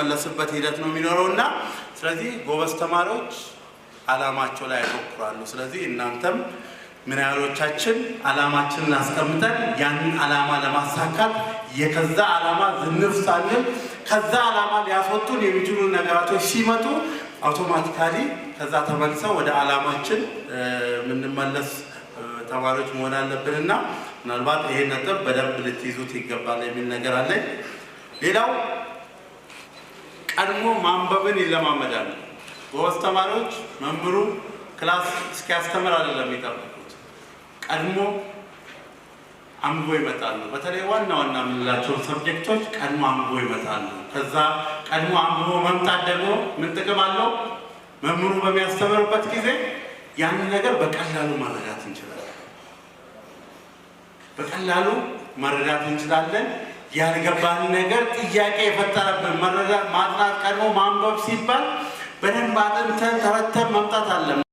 የምንመለስበት ሂደት ነው የሚኖረው እና ስለዚህ ጎበዝ ተማሪዎች አላማቸው ላይ ያተኩራሉ። ስለዚህ እናንተም ምን ያህሎቻችን አላማችንን አስቀምጠን ያንን አላማ ለማሳካት የከዛ አላማ ዝንፍ ሳንል ከዛ አላማ ሊያስወጡን የሚችሉ ነገራቶች ሲመጡ አውቶማቲካሊ ከዛ ተመልሰው ወደ አላማችን የምንመለስ ተማሪዎች መሆን አለብንና ምናልባት ይሄን ነጥብ በደንብ ልትይዙት ይገባል የሚል ነገር አለኝ። ሌላው ቀድሞ ማንበብን ይለማመዳል። ጎበዝ ተማሪዎች መምህሩ ክላስ እስኪያስተምር አይደለም የሚጠብቁት፣ ቀድሞ አንብቦ ይመጣሉ። በተለይ ዋና ዋና የምንላቸው ሰብጀክቶች ቀድሞ አንብቦ ይመጣሉ። ከዛ ቀድሞ አንብቦ መምጣት ደግሞ ምን ጥቅም አለው? መምህሩ በሚያስተምርበት ጊዜ ያንን ነገር በቀላሉ መረዳት እንችላለን። በቀላሉ መረዳት እንችላለን። ያልገባን ነገር ጥያቄ የፈጠረብን መረዳት ማጥናት ቀድሞ ማንበብ ሲባል በደንብ አጥንተን ተረተ